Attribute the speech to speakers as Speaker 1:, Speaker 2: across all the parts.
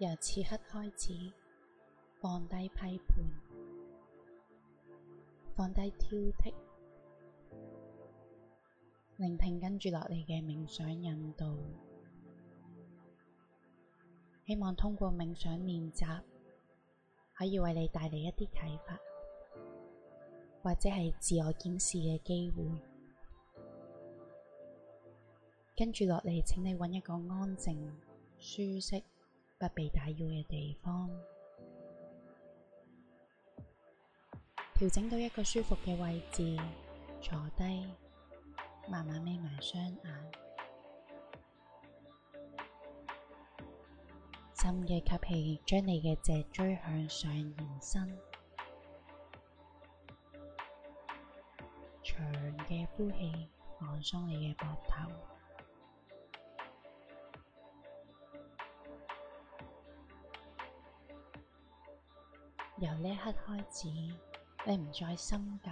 Speaker 1: 由此刻開始，放低批判，放低挑剔，聆聽跟住落嚟嘅冥想引導。希望通過冥想練習，可以為你帶嚟一啲啟發，或者係自我檢視嘅機會。跟住落嚟，請你揾一個安靜、舒適，不被打擾嘅地方，調整到一個舒服嘅位置，坐低，慢慢眯埋雙眼，深嘅吸氣，將你嘅脊椎向上延伸，長嘅呼氣，放鬆你嘅膊頭。由呢一刻開始，你唔再深究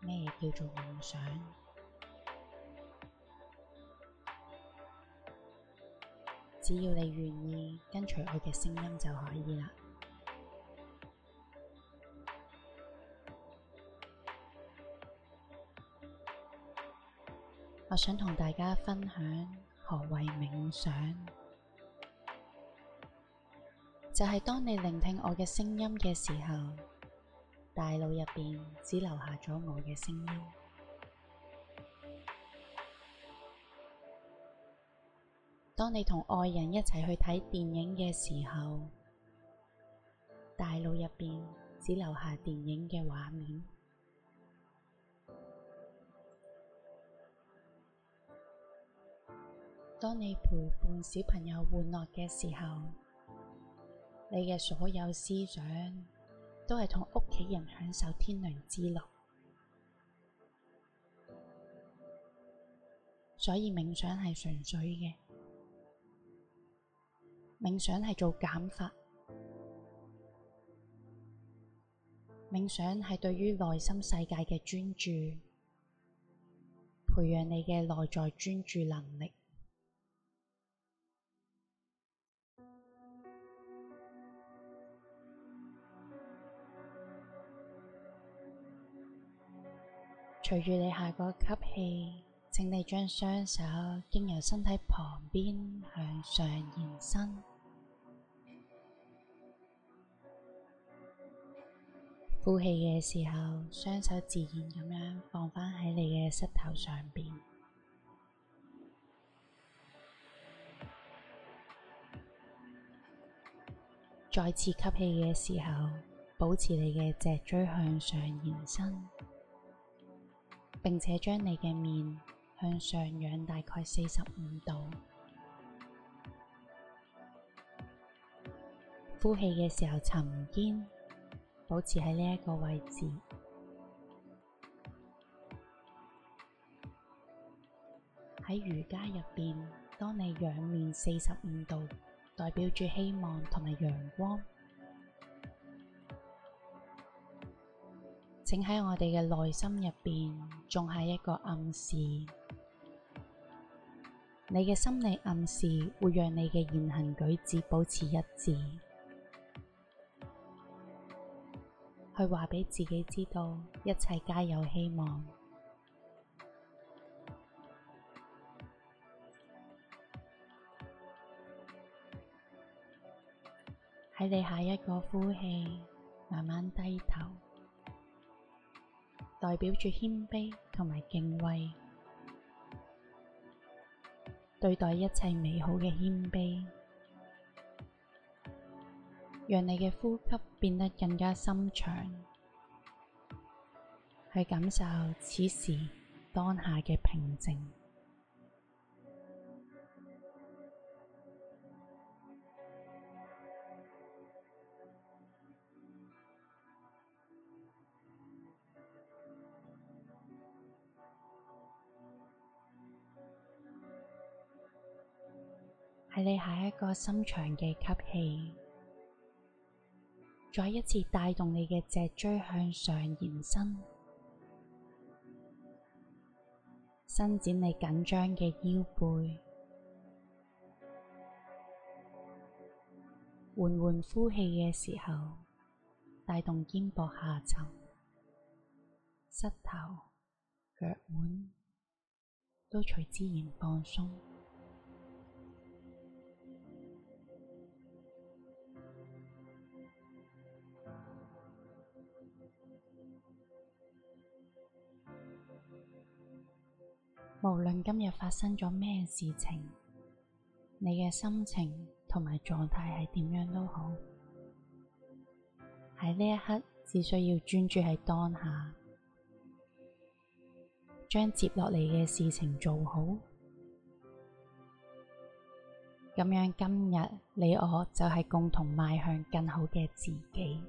Speaker 1: 咩叫做冥想。只要你願意跟隨我嘅聲音就可以啦。我想同大家分享何為冥想。就係當你聆聽我嘅聲音嘅時候，大腦入邊只留下咗我嘅聲音。當你同愛人一齊去睇電影嘅時候，大腦入邊只留下電影嘅畫面。當你陪伴小朋友玩樂嘅時候，你嘅所有思想都係同屋企人享受天倫之樂，所以冥想係純粹嘅，冥想係做減法，冥想係對於內心世界嘅專注，培養你嘅內在專注能力。隨住你下個吸氣，請你將雙手經由身體旁邊向上延伸。呼氣嘅時候，雙手自然咁樣放返喺你嘅膝頭上邊。再次吸氣嘅時候，保持你嘅脊椎向上延伸。並且將你嘅面向上仰大概四十五度。呼氣嘅時候沉肩，保持喺呢一個位置。喺瑜伽入邊，當你仰面四十五度，代表住希望同埋陽光。請喺我哋嘅內心入邊種下一個暗示，你嘅心理暗示會讓你嘅言行舉止保持一致，去話俾自己知道一切皆有希望。喺你下一個呼氣，慢慢低頭。代表住謙卑同埋敬畏，對待一切美好嘅謙卑，讓你嘅呼吸變得更加深長，去感受此時，當下嘅平靜。喺你下一個深長嘅吸氣，再一次帶動你嘅脊椎向上延伸，伸展你緊張嘅腰背。緩緩呼氣嘅時候，帶動肩膊下沉，膝頭、腳腕都隨自然放鬆。無論今日發生咗咩事情，你嘅心情同埋狀態係點樣都好，喺呢一刻只需要專注喺當下，將接落嚟嘅事情做好，咁樣今日你我就係共同邁向更好嘅自己。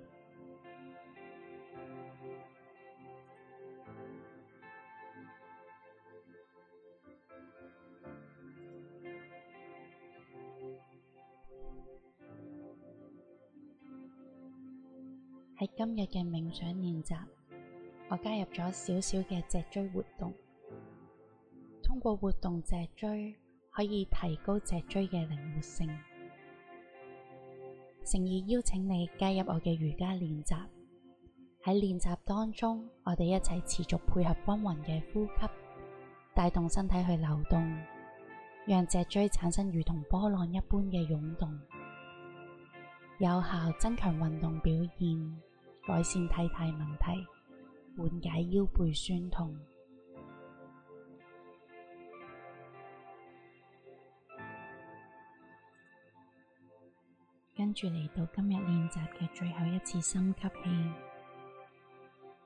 Speaker 1: 喺今日嘅冥想練習，我加入咗小小嘅脊椎活動。通過活動脊椎，可以提高脊椎嘅靈活性。誠意邀請你加入我嘅瑜伽練習。喺練習當中，我哋一齊持續配合均勻嘅呼吸，帶動身體去流動，讓脊椎產生如同波浪一般嘅湧動，有效增強運動表現。改善體態問題，緩解腰背酸痛。跟住嚟到今日練習嘅最後一次深吸氣，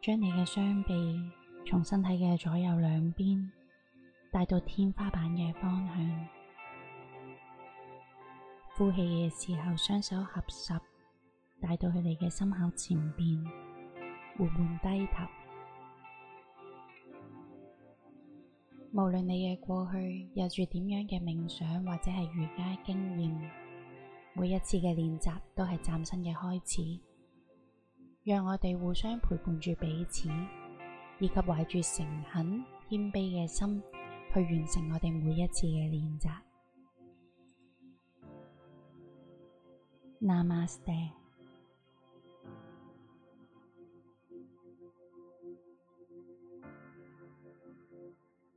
Speaker 1: 將你嘅雙臂從身體嘅左右兩邊帶到天花板嘅方向。呼氣嘅時候，雙手合十。帶到去你嘅心口前邊，緩緩低頭。無論你嘅過去有住點樣嘅冥想或者係瑜伽經驗，每一次嘅練習都係嶄新嘅開始。讓我哋互相陪伴住彼此，以及懷住誠懇謙卑嘅心去完成我哋每一次嘅練習。Namaste。